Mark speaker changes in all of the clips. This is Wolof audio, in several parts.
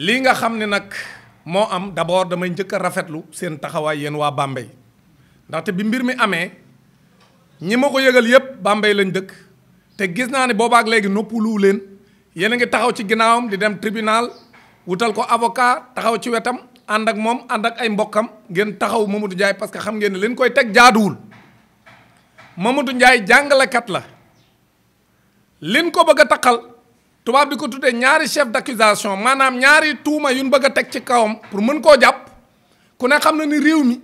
Speaker 1: lii nga xam ne nag moo am d'abord damay njëkk rafetlu seen taxawaay yéen waa Bambey ndaxte bi mbir mi amee ñi ma ko yëgal yépp Bambey lañ dëkk te gis naa ne boobaak léegi noppaluwu leen yéen a ngi taxaw ci ginnaawam di dem tribunal wutal ko avocat taxaw ci wetam ànd ak moom ànd ak ay mbokkam ngeen taxaw Mamadou Ndiaye parce que xam ngeen ne leen koy teg jaaduwul Mamadou njaay jàngalekat la leen ko bëgg a takkal tubaab di ko tuddee ñaari chef d'accusation maanaam ñaari tuuma yuñ bëgg a teg ci kawam pour mën koo jàpp ku ne xam na ni réew mi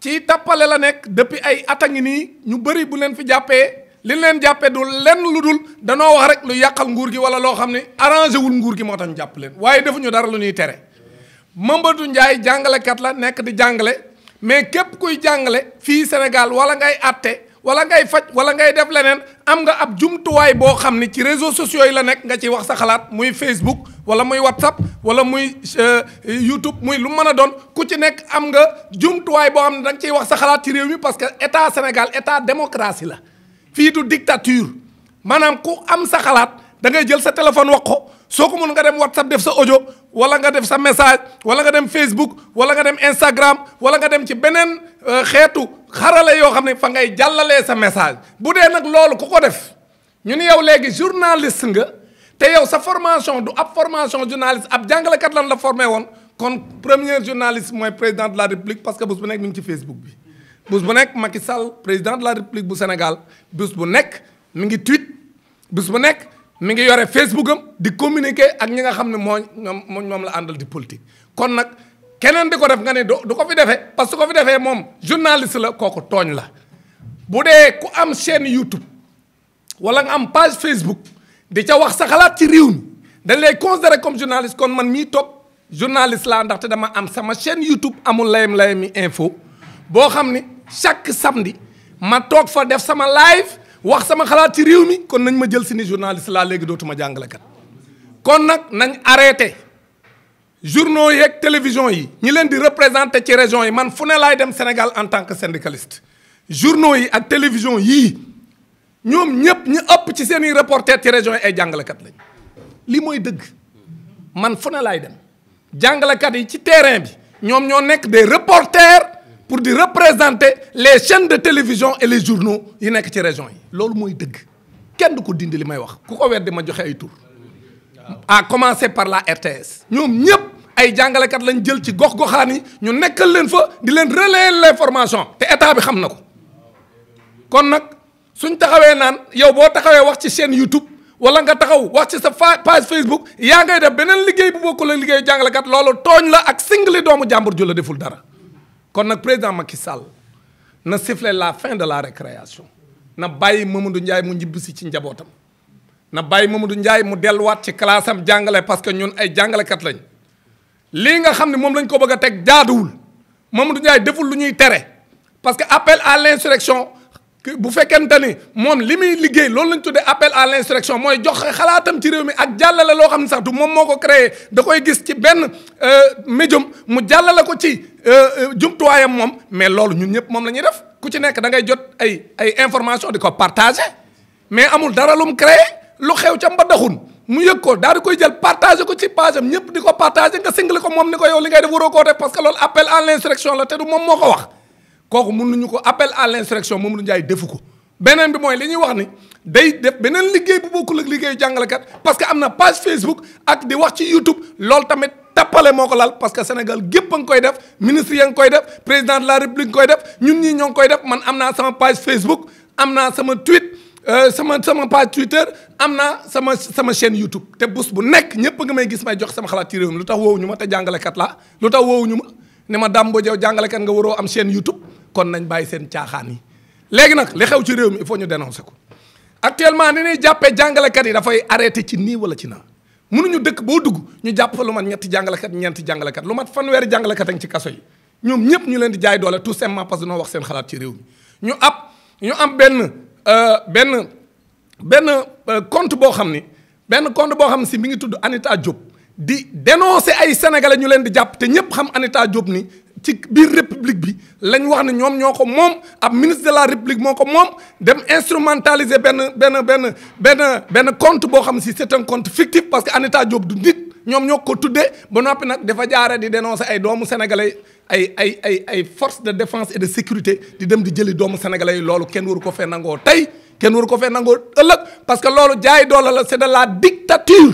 Speaker 1: ci tappale la nekk depuis ay at ngi nii ñu bëri bu leen fi jàppee li leen jàppee du lenn lu dul danoo wax rek lu yàqal nguur gi wala loo xam ne arrangé wul nguur gi moo tax ñu leen waaye defuñu dara lu ñuy tere Mamadou Ndiaye jàngalekat la nekk di jàngale mais képp kuy jàngale fii Sénégal wala ngay àtte wala ngay faj wala ngay def leneen am nga ab jumtuwaay boo xam ni ci réseau sociaux yi la nekk nga ci wax sa xalaat muy Facebook wala muy WhatsApp wala muy euh, YouTube muy lu mën a doon ku ci nekk am nga jumtuwaay boo xam ne da nga wax sa xalaat ci réew mi parce que état Sénégal état démocratie la fii du dictature maanaam ku am sa xalaat da ngay jël sa téléphone wax ko soo ko mën nga dem WhatsApp def sa ojo wala nga def sa message wala nga dem Facebook wala nga dem Instagram wala nga dem ci beneen. Euh, xeetu xarala yoo xam ne fa ngay jàllalee sa message bu dee nag loolu ku ko def ñu ni yow léegi journaliste nga te yow sa formation du ab formation journaliste ab jàngalekat lan la formé woon kon premier journaliste mooy président de la république parce que bés bu nekk mi ngi ci Facebook bi bés bu nekk Macky Sall président de la république bu Sénégal bés bu nekk mi ngi tweet bés bu nekk mi ngi yore Facebook am di communiqué ak ñi nga xam ne moo ñoom moom la àndal di politique kon nag keneen di ko def nga ne du ko fi defee parce que ko fi defee moom journaliste la kooku tooñ la bu dee ku am chaîne YouTube wala nga am page Facebook di ca wax sa xalaat ci réew mi dañ lay considéré comme journaliste kon man mii toog journaliste laa ndaxte dama am sama chaîne YouTube amul layam layami info boo xam ne chaque samedi ma toog fa def sama live wax sama xalaat ci réew mi kon nañ ma jël si ni journaliste laa léegi dootuma jàngalekat kon nag na arrêté journaux yeeg télévision yi ñi leen di représenté ci région yi man fu ne laay dem Sénégal en tant que syndicaliste journaux yi ak télévision yii ñoom ñëpp ñu ëpp ci seeni reporter ci région yi ay jàngalekat lañ li mooy dëgg man fu ne laay dem jàngalekat yi ci terrain bi ñoom ñoo nekk des reporters pour di représenter les chaînes de télévision et les journaux yi nekk ci région yi loolu mooy dëgg kenn du ko dindi li may wax ku ko weddi ma joxe ay tur à commencer par la RTS ñoom ñëpp ay jàngalekat lañ jël ci gox-goxaan yi ñu nekkal leen fa di leen relayer l'information te état bi xam na ko kon nag suñ taxawee naan yow boo taxawee wax ci chaîne YouTube wala nga taxaw wax ci sa page Facebook yaa ngay def beneen liggéey bu bokku la liggéeyu jàngalekat loolu tooñ la ak singli doomu jàmbur ju la deful dara kon nag président Macky Sall na siffler la fin de la récréation na bàyyi Mamadou Ndiaye mu ñibbisi ci njabootam. na bàyyi Mamadou Ndiaye mu delluwaat ci classe am jàngale parce que ñun ay jàngalekat lañ lii nga xam ne moom lañ ko bëgg a teg jaaduwul Mamadou Ndiaye deful lu ñuy tere parce que appel à l'insurrection bu fekkente ni moom li muy liggéey loolu lañ tuddee appel à l'insurrection mooy jox xalaatam ci réew mi ak jàllale loo xam ne sax du moom moo ko créé da koy gis ci benn euh, médium mu jàllale ko ci euh, euh, jumtuwaayam moom mais loolu ñun ñëpp moom la ñuy def ku ci nekk da ngay jot ay ay di ko partager mais amul dara lum créé lu xew ca mbaddaxun mu yëg ko daal di koy jël partagé ko ci page am ñëpp di ko partagé nga singali ko moom ni ko yow li ngay def waroo koo def parce que loolu appel à l'insurrection la te du moom moo ko wax kooku mënuñu ko appel à l'insurrection moom du njaay defu ko beneen bi mooy li ñuy wax ni day def beneen liggéey bu bokkul ak liggéeyu jàngalekat parce que am na page Facebook ak di wax ci YouTube loolu tamit tappale moo ko lal parce que Sénégal gépp a koy def ministre ngi koy def président la république ngi koy def ñun ñii ñoo ngi koy def man am naa sama page Facebook am naa sama tweet Euh, sama sama page Twitter am naa sama sama chaîne YouTube te bus bu nekk ñëpp nga may gis may jox sama xalaat ci réew mi lu tax woowuñu ma te jàngalekat laa lu tax woowuñu ma ne ma Dame Mbodj yow jàngalekat nga waroo am chaîne YouTube kon nañ bàyyi seen caaxaan yi. léegi nag li xew ci réew mi il faut ñu dénoncer ko actuellement ni ñuy jàppee jàngalekat yi dafay arrêté ci nii wala ci naa mënuñu dëkk boo dugg ñu jàpp fa lu ma ñetti jàngalekat ñeenti jàngalekat lu mat fanweeri jàngalekat a ci kaso yi ñoom ñu leen di jaay doole tout simplement parce que noo wax seen ci réew mi ñu ab ñu am benn Euh, benn benn euh, compte boo xam ni benn compte boo xam ne si mi ngi tudd Anita Diop di dénoncer ay sénégalais ñu leen di jàpp te ñëpp xam Anita Diop ni ci biir république bi lañ wax ne ñoom ñoo ko moom ab ministre de la république moo ko moom dem instrumentaliser benn benn benn benn benn compte boo xam si c'est un compte fictif parce que Anita Diop du nit ñoom ñoo ko tuddee ba noppi nag dafa jaare di dénoncer ay doomu sénégalais. ay ay ay ay force de défense et de sécurité di dem di jëli doomu sénégalais yi loolu kenn waru ko fee nangoo tey kenn waru ko fee nangoo ëllëg parce que loolu jaay doole la c'est de la dictature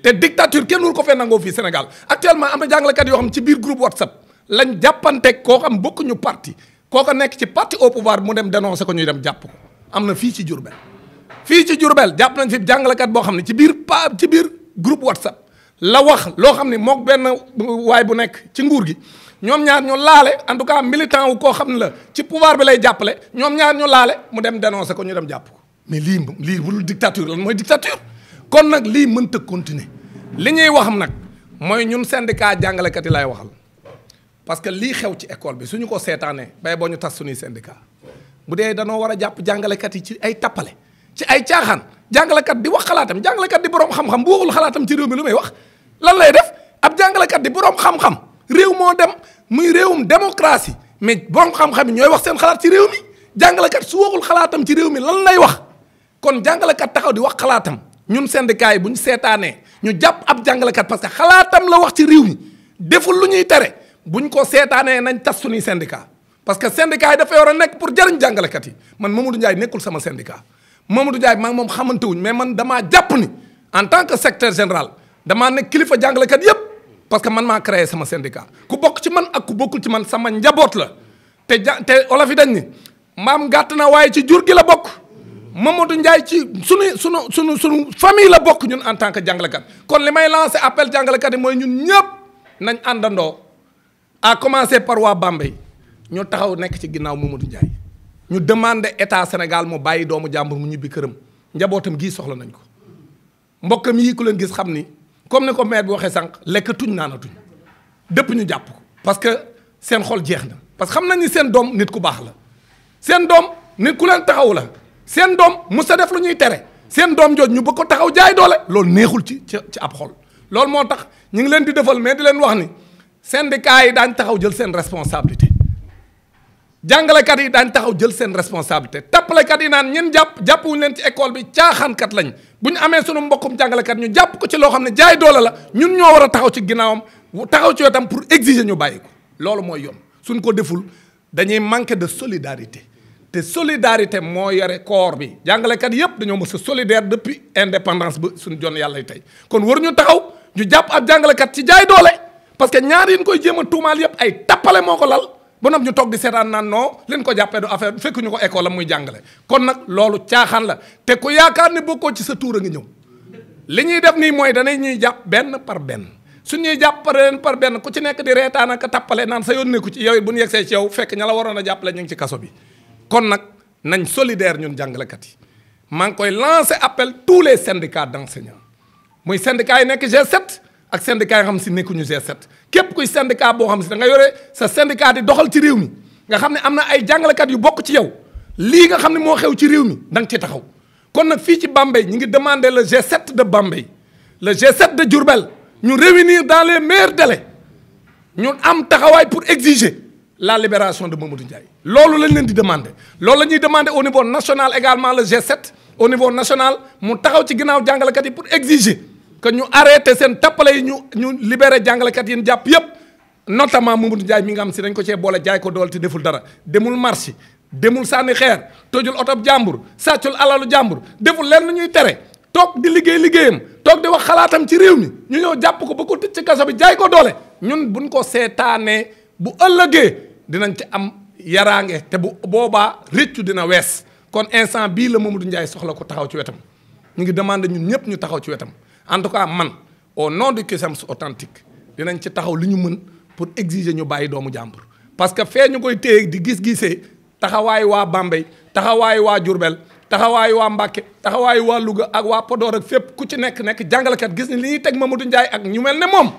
Speaker 1: te dictature kenn waru ko fee nangoo fii Sénégal actuellement am na jàngalekat yoo xam ci biir groupe WhatsApp lañ jàppanteeg koo xam bokkuñu parti koo ko nekk ci parti au pouvoir mu dem dénoncer ko ñuy dem jàpp ko am na fii ci Diourbel fii ci Diourbel jàpp nañ fi jàngalekat boo xam ne ci biir pa ci biir groupe WhatsApp la wax loo xam ne mook benn waay bu nekk ci nguur gi ñoom ñaar ñu laale en tout cas militant wu koo xam ne la ci pouvoir bi lay jàppale ñoom ñaar ñu laale mu dem dénoncé ko ñu dem jàpp ko mais lii lii bu dul dictature lan mooy dictature kon nag lii mënta continuer li ñuy wax nag mooy ñun syndicat jàngalekat yi lay waxal parce que lii xew ci école bi suñu ko seetaanee bay boo ñu tas suñuy syndicat bu dee danoo war a jàpp jàngalekat yi ci ay tappale ci ay caaxaan jàngalekat di wax xalaatam jàngalekat di boroom xam-xam xalaatam ci réew mi lu may wax lan lay def ab jàngalekat di boroom xam-xam réew moo dem muy réewum démocratie mais borom xam-xam yi ñooy wax seen xalaat ci réew mi jàngalekat su waxul xalaatam ci réew mi lan lay wax kon jàngalekat taxaw di wax xalaatam ñun syndicat yi bu ñu seetaanee ñu jàpp ab jàngalekat parce que xalaatam la wax ci réew mi deful lu ñuy tere buñ ko seetaanee nañ tas suñuy syndicat parce que syndicat yi dafa war a nekk pour jariñ jàngalekat yi man Mamadou Ndiaye nekkul sama syndicat Mamadou Ndiaye maa ngi moom xamante mais man damaa jàpp ni en tant que secteur général damaa nekk kilifa jàngalekat yépp parce que man maa créé sama syndicat ku bokk ci man ak ku bokkul ci man sama njaboot la te ja te olof yi dañ ni maam gàtt na waaye ci jur gi la bokk. Mamadou Ndiaye ci sunu sunu sunu sunu famille la bokk ñun en tant que jàngalekat kon li may lancé appel jàngalekat yi mooy ñun ñëpp nañ àndandoo a commencer par waa Bambey ñu taxaw nekk ci ginnaaw Mamadou Ndiaye ñu demander état Sénégal mu bàyyi doomu jàmbur mu ñibbi këram njabootam gii soxla nañ ko mbokkam yii ku leen gis xam ni. comme ni ko maire bi waxee sànq lekkatuñ naanatuñ dëpp ñu jàpp ko parce que seen xol jeex na parce que xam nañ ni seen doom nit ku baax la seen doom nit ku leen taxaw la seen doom mus sa def lu ñuy tere seen doom jooj ñu bëgg ko taxaw jaay doole loolu neexul ci ci ci ab xol loolu moo tax ñu ngi leen di defal mais di leen wax ni seen syndicat yi daañ taxaw jël seen responsabilité jàngalekat yi daañ taxaw jël seen responsabilité tappalekat yi naan ñen jàpp jàppuwuñu leen ci école bi caaxaankat lañ bu ñu amee sunu mbokkum jàngalekat ñu jàpp ko ci loo xam ne jaay doole la ñun ñoo war a taxaw ci ginnaawam taxaw ci wetam pour exiger ñu bàyyi ko loolu mooy yoon suñ ko deful dañuy manquer de solidarité te solidarité moo yore corps bi jàngalekat yépp dañoo mës a solidaire depuis indépendance ba suñ jon yàlla tey kon war ñu taxaw ñu jàpp ak jàngalekat ci jaay doole parce que ñaar yi koy jéem a tuumaal yépp ay tappale moo ko lal ba ñu toog di seetaan naan non leen ko jàppee du affaire fekk ñu ko école la muy jàngale kon nag loolu caaxaan la te ku yaakaar ne bokkoo ci sa tuur a ngi ñëw li ñuy def nii mooy danañ ñuy jàpp benn par benn su ñuy jàpp leen par benn ku ci nekk di reetaan ak tappale naan sa yoon nekku ci yow bu ñu yegsee ci yow fekk ña la waroon a jàppale ñu ngi ci kaso bi kon nag nañ solidaire ñun jàngalekat yi maa ngi koy lancer appel tous les syndicats d'enseignants muy syndicats yi nekk g ak syndicat yi xam si nekkuñu G7 képp kuy syndicat boo xam si da nga yore sa syndicat di doxal ci réew mi nga xam ne am na ay jàngalekat yu bokk ci yow lii nga xam ne moo xew ci réew mi da nga ci taxaw kon nag fii ci Bambey ñu ngi demander le G7 de Bambey le G7 de Diourbel ñu réunir dans les meilleurs délais ñu am taxawaay pour exiger la libération de Mamadou Ndiaye loolu lañ leen di demander loolu la ñuy demander au niveau national également le G7 au niveau national mu taxaw c ginnaaw jàngalekat yi pour exiger que ñu arrêté seen tappale yi ñu ñu libere jàngalekat yi ñu jàpp yépp notamment Mamadou Ndiaye mi nga xam si dañ ko cee boole jaay ko dool te deful dara demul marché demul sànni xeer tojul otob jàmbur sàccul alalu jàmbur deful lenn ñuy tere toog di liggéey liggéeyam toog di wax xalaatam ci réew mi ñu ñëw jàpp ko ba ko tëj ci kaso bi jaay ko doole ñun buñ ko seetaanee bu ëllëgee dinañ ci am yaraange te bu boobaa réccu dina wees kon instant bii la Mamadou Ndiaye soxla ko taxaw ci wetam ñu ngi demandé ñun ñëpp ñu taxaw ci wetam en tout cas man au nom du Cusems authentique dinañ ci taxaw li ñu mën pour exiger ñu bàyyi doomu jàmbur parce que fee ñu koy téye di gis-gisee taxawaayu waa Bambey taxawaayu waa Diourbel taxawaayu waa Mbacké taxawaayu waa Louga ak waa Podor ak fépp ku ci nekk nekk jàngalekat gis ni li ñuy teg Mamadou Ndiaye ak ñu mel ne moom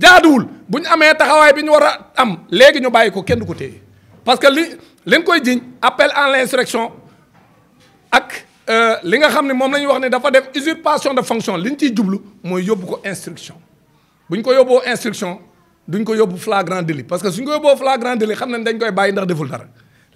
Speaker 1: jaaduwul bu ñu amee taxawaay bi ñu war a am léegi ñu bàyyi ko kenn du ko téye parce que li leen koy jiñ appel à l'insurrection ak Euh, li nga xam ne moom la ñuy wax ne dafa def usurpation de fonction li ñu ciy jublu mooy yóbbu ko instruction bu ñu ko yóbboo instruction duñ ko yóbbu flagrant délit parce que suñ ko yóbboo flagrant délit xam nañ dañ koy bàyyi ndax deful dara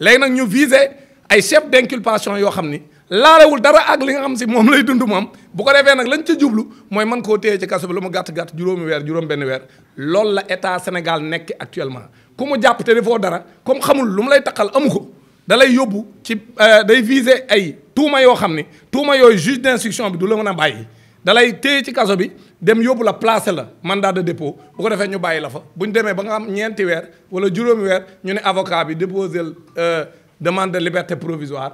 Speaker 1: léegi nag ñu viser ay chef d'inculpation yoo xam ni laalewul dara ak li nga xam si moom lay dund moom bu ko defee nag lañ ca jublu mooy mën koo téye ci kaso bi lu mu gàtt gàtt juróomi weer juróom benn weer loolu la état Sénégal nekk actuellement ku mu jàpp te defoo dara comme xamul lu mu lay taqal amu ko. dalay yóbbu ci euh, day viser ay tuuma yoo xam ne tuuma yooyu juge d'instruction bi du la mën a bàyyi dalay téye ci kaso bi dem yóbbu la placé la mandat de dépôt bu ko defee ñu bàyyi la fa bu ñu demee ba nga am ñeenti weer wala juróomi weer ñu ne avocat bi déposé euh, demande de liberté provisoire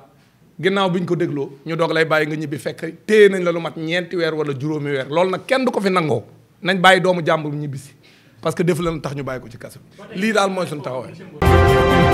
Speaker 1: ginnaaw bi ko dégloo ñu doog lay bàyyi nga ñibbi fekk nañ la lu mat ñeenti weer wala juróomi weer loolu nag kenn du ko fi nangoo nañ bàyyi doomu jàmbur ñibbisi parce que def la tax ñu bàyyi ko ci kaso bi lii daal mooy suñu taxawaay